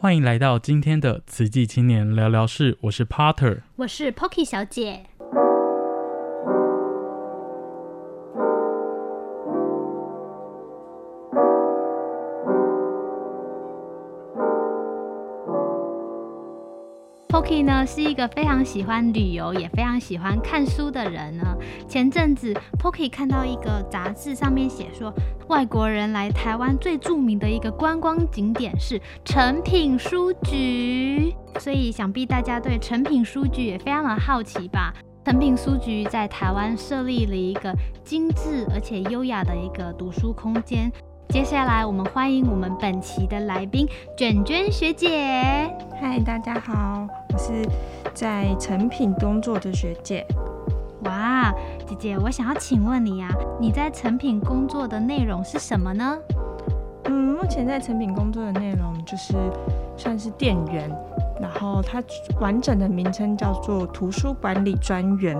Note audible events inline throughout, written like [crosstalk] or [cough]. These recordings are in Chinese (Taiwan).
歡迎來到今天的《瓷器青年聊聊室》，我是 Potter，我是 Pocky 小姐。Poki 呢是一個非常喜歡旅遊，也非常喜歡看書的人呢。前陣子 Poki 看到一個雜誌上面寫說，外國人來台灣最著名的一個觀光景點是誠品書局，所以想必大家對誠品書局也非常的好奇吧？誠品書局在台灣設立了一個精致而且優雅的一個讀書空間。接下來，我們歡迎我們本期的來賓卷卷學姐。嗨，大家好，我是在誠品工作的學姐。哇，wow, 姐姐，我想要請問你呀、啊，你在誠品工作的內容是什麼呢？嗯，目前在誠品工作的內容就是算是店員，然後它完整的名稱叫做圖書管理專員。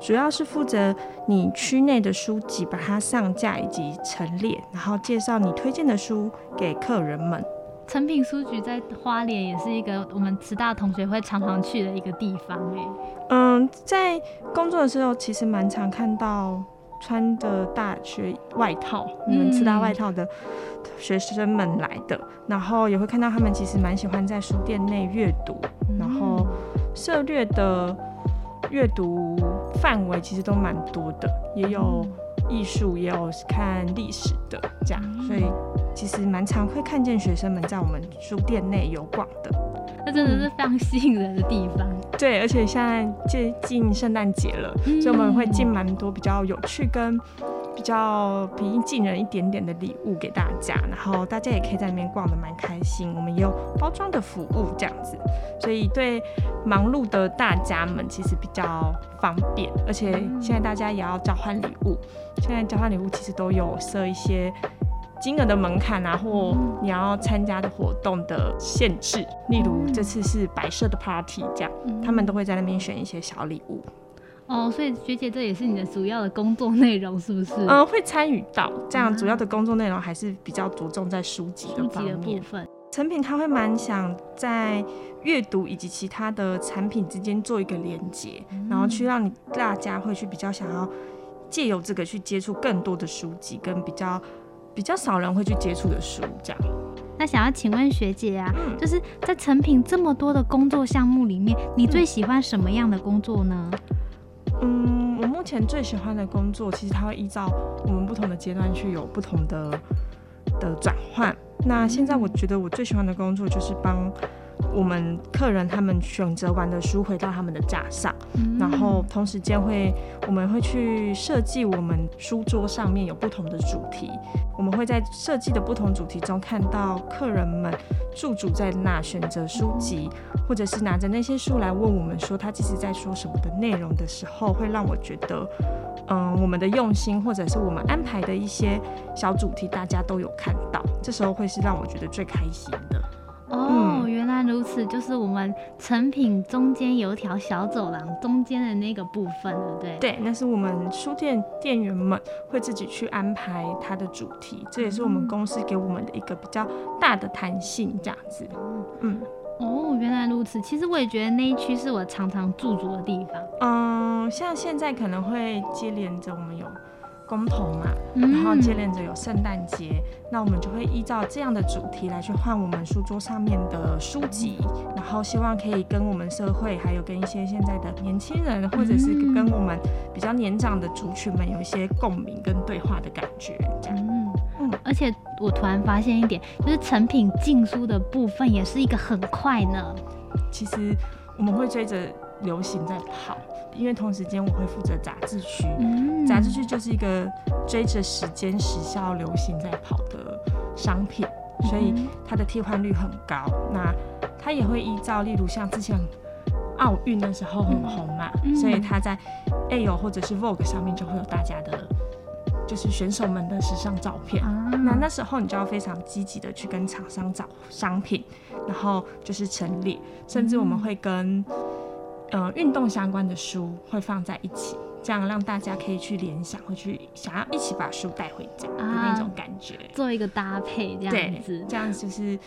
主要是負責你區內的書籍，把它上架以及陳列，然後介紹你推薦的書給客人們。誠品書局在花蓮也是一個我們慈大同學會常常去的一個地方，欸。嗯，在工作的時候其實蠻常看到穿的大學外套，嗯，慈大外套的學生們、嗯、來的，然後也會看到他們其實蠻喜歡在書店內閱讀，然後涉獵的閱讀、嗯。範圍其實都蠻多的，也有藝術，也有看歷史的這樣，嗯、所以其實蠻常會看見學生們在我們書店內遊逛的。那真的是非常吸引人的地方。嗯、對，而且現在接近聖誕節了，嗯、所以我們會進蠻多比較有趣跟比較平易近人一點點的禮物給大家，然後大家也可以在那邊逛得蠻開心。我們也有包裝的服務這樣子，所以對忙碌的大家們其實比較方便。而且現在大家也要交換禮物，現在交換禮物其實都有設一些金額的門檻啊，或你要參加的活動的限制。例如這次是白色的 party 這樣，他們都會在那邊選一些小禮物。哦，所以學姐，這也是你的主要的工作內容，是不是？嗯、呃，會參與到這樣主要的工作內容，還是比較着重在書籍的，、嗯啊、的部分。誠品他會蠻想在閱讀以及其他的產品之間做一個連接，嗯、然後去讓你大家會去比較想要借由這個去接觸更多的書籍，跟比較比較少人會去接觸的書。這樣，那想要請問學姐啊，嗯、就是在誠品這麼多的工作項目裡面，你最喜歡什麼樣的工作呢？嗯嗯，我目前最喜歡的工作，其實它會依照我們不同的階段去有不同的的轉換。那現在我覺得我最喜歡的工作就是幫我們客人他們選擇完的書回到他們的架上，嗯、然後同時間會我們會去設計我們書桌上面有不同的主題。我們會在設計的不同主題中看到客人們駐足在那選擇書籍，嗯、或者是拿着那些書來問我們說他其實在說什麼的內容的時候，會讓我覺得，嗯、呃，我們的用心或者是我們安排的一些小主題大家都有看到，這時候會是讓我覺得最開心的。哦。嗯如此，就是我們誠品中間有條小走廊，中間的那個部分，對不對？對，那是我們書店店員們會自己去安排它的主題，這也是我們公司給我們的一個比較大的彈性，這樣子。嗯，嗯哦，原來如此。其實我也覺得那一區是我常常駐足的地方。嗯，像現在可能會接連着我們有公投嘛，然後接連着有聖誕節，嗯、那我們就會依照這樣的主題來去換我們書桌上面的書籍，嗯、然後希望可以跟我們社會，還有跟一些現在的年輕人，嗯、或者是跟我們比較年長的族群們有一些共鳴跟對話的感覺。嗯嗯，而且我突然發現一點，就是誠品進書的部分也是一個很快呢？其實我們會追着。流行在跑，因為同時間我會負責雜誌區，嗯、雜誌區就是一個追着時間時效、流行在跑的商品，所以它的替換率很高。嗯、那它也會依照，例如像之前奧運的時候很紅嘛，嗯、所以它在《A O》或者是《Vogue》上面就會有大家的，就是選手們的時尚照片。那、啊、那時候你就要非常積極的去跟廠商找商品，然後就是成立，嗯、甚至我們會跟。呃，運動相關的書會放在一起，這樣讓大家可以去聯想，會去想要一起把書帶回家的那種感覺。啊，做一個搭配這樣子，對這樣就是，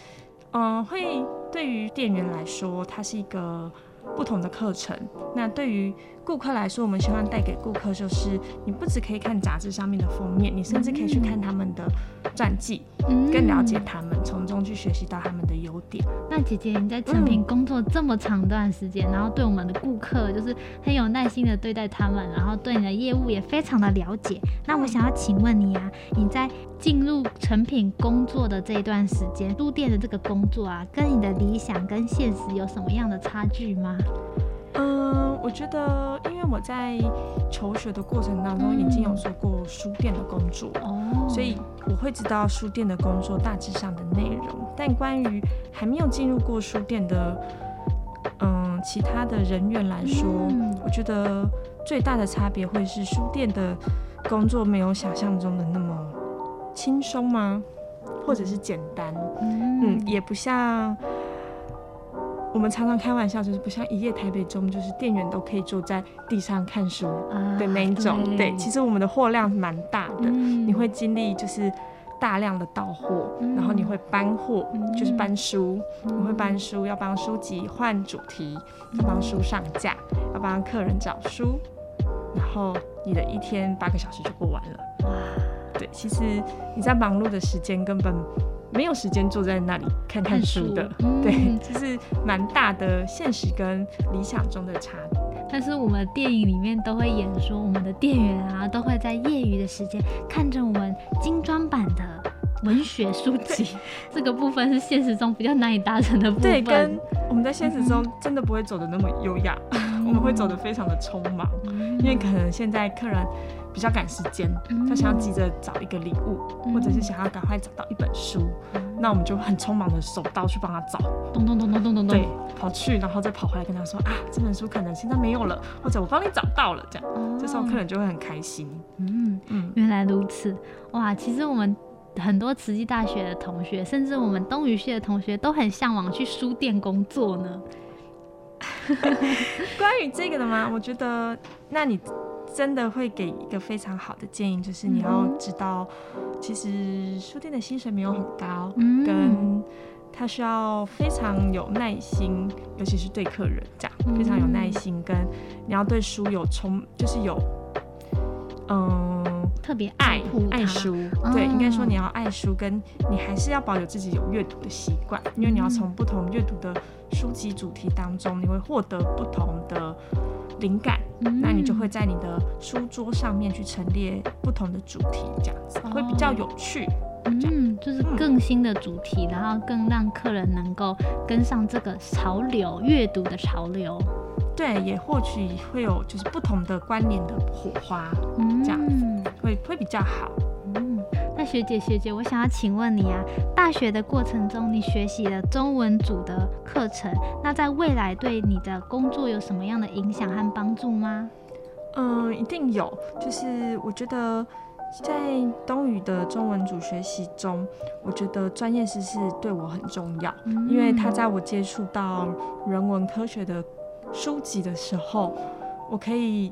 呃，會對於店員來說，它是一個。不同的課程，那對於顧客來說，我們希望帶給顧客就是，你不只可以看雜誌上面的封面，你甚至可以去看他們的傳記，嗯、更了解他們，從中去學習到他們的優點。那姐姐，你在誠品工作這麼長一段時間，嗯、然後對我們的顧客就是很有耐心的對待他們，然後對你的業務也非常的了解。那我想要請問你啊，你在進入誠品工作的這一段時間，駐店的這個工作啊，跟你的理想跟現實有什麼樣的差距嗎？嗯，我覺得，因為我在求學的過程當中已經有做過書店的工作，嗯、所以我會知道書店的工作大致上的內容。但關於還沒有進入過書店的，嗯，其他的人員來說，嗯、我覺得最大的差別會是書店的工作沒有想象中的那麼輕鬆嗎？嗯、或者是簡單？嗯，也不像。我們常常開玩笑，就是不像《一頁台北》中，就是店員都可以坐在地上看書。的、啊、那一種，對，對，其實我們的貨量蠻大的，嗯、你會經歷就是大量的到貨，嗯、然後你會搬貨，嗯、就是搬書，你、嗯、會搬書，要幫書籍換主題，要幫書上架，嗯、要幫客人找書，然後你的一天八個小時就過完了。其實你在忙碌的時間根本沒有時間坐在那裡看看書的，嗯、對，這、就是蠻大的現實跟理想中的差別。但是我們電影裡面都會演說，我們的店員啊都會在業餘的時間看着我們精裝版的文學書籍，對這個部分是現實中比較難以達成的部分。對，跟我們在現實中真的不會走得那麼優雅，嗯、 [laughs] 我們會走得非常的匆忙，嗯、因為可能現在客人。比較趕時間，他想要急着找一個禮物，嗯、或者是想要趕快找到一本書，嗯、那我們就很匆忙的手刀去幫他找，咚咚,咚咚咚咚咚咚咚，對，跑去，然後再跑回來跟他說啊，這本書可能現在沒有了，或者我幫你找到了，這樣、哦、這時候客人就會很開心。嗯嗯，嗯原來如此，哇，其實我們很多慈濟大學的同學，甚至我們東語系的同學，都很向往去書店工作呢。 [laughs] 關於這個的嗎？嗯、我覺得，那你。真的會給一個非常好的建議，就是你要知道，其實書店的薪水沒有很高，嗯，跟他需要非常有耐心，尤其是對客人這樣、嗯、非常有耐心，跟你要對書有充，就是有，嗯、呃，特別愛愛書，哦、對，應該說你要愛書，跟你還是要保留自己有閱讀的習慣，因為你要從不同閱讀的書籍主題當中，嗯、你會獲得不同的。靈感，那你就會在你的書桌上面去陳列不同的主題，這樣子會比較有趣，哦。嗯，就是更新的主題，嗯，然後更讓客人能夠跟上這個潮流，閱讀的潮流。對，也或許會有就是不同的關聯的火花，嗯，哦，這樣子會會比較好。學姐，學姐，我想要請問你啊，大學的過程中你學習了中文組的課程，那在未來對你的工作有什麼樣的影響和幫助嗎？嗯，一定有，就是我覺得在東語的中文組學習中，我覺得專業知識對我很重要，因為它在我接觸到人文科學的書籍的時候，我可以。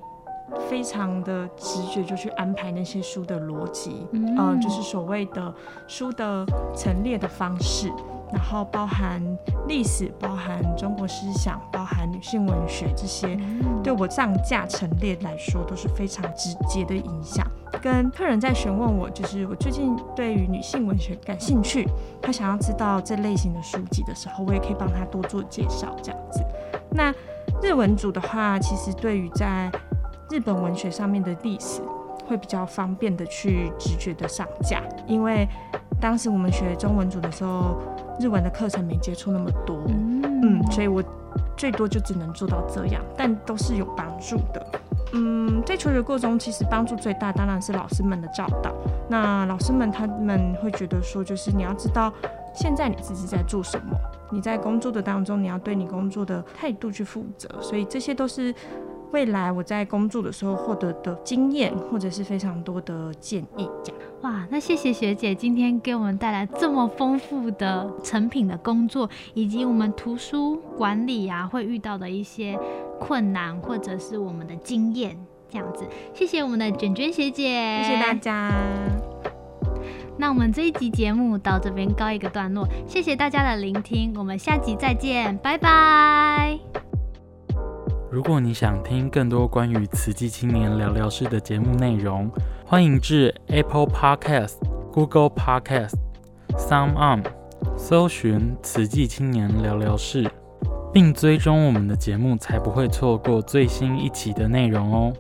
非常的直覺就去安排那些書的邏輯，嗯、mm hmm. 呃，就是所謂的書的陳列的方式，然後包含歷史、包含中國思想、包含女性文學這些，mm hmm. 對我上架陳列來說都是非常直接的影響。跟客人在詢問我，就是我最近對於女性文學感興趣，他想要知道這類型的書籍的時候，我也可以幫他多做介紹這樣子。那日文組的話，其實對於在日本文學上面的歷史會比較方便的去直覺的上架，因為當時我們學中文組的時候，日文的課程沒接觸那麼多，嗯、嗯，所以我最多就只能做到這樣，但都是有幫助的。嗯，在求學過程中，其實幫助最大當然是老師們的教導。那老師們他們會覺得說，就是你要知道現在你自己在做什麼，你在工作的當中，你要對你工作的態度去負責，所以這些都是。未來我在工作的時候獲得的經驗，或者是非常多的建議。哇，那謝謝學姐今天給我們帶來這麼豐富的誠品的工作，以及我們圖書管理啊會遇到的一些困難，或者是我們的經驗這樣子。謝謝我們的卷卷學姐，謝謝大家。那我們這一集節目到這邊告一個段落，謝謝大家的聆聽，我們下集再見，拜拜。如果你想聽更多關於《慈濟青年聊聊事》的節目內容，歡迎至 Apple Podcast、Google Podcast、Sound On 搜尋“慈濟青年聊聊事”，並追蹤我們的節目，才不會錯過最新一期的內容哦。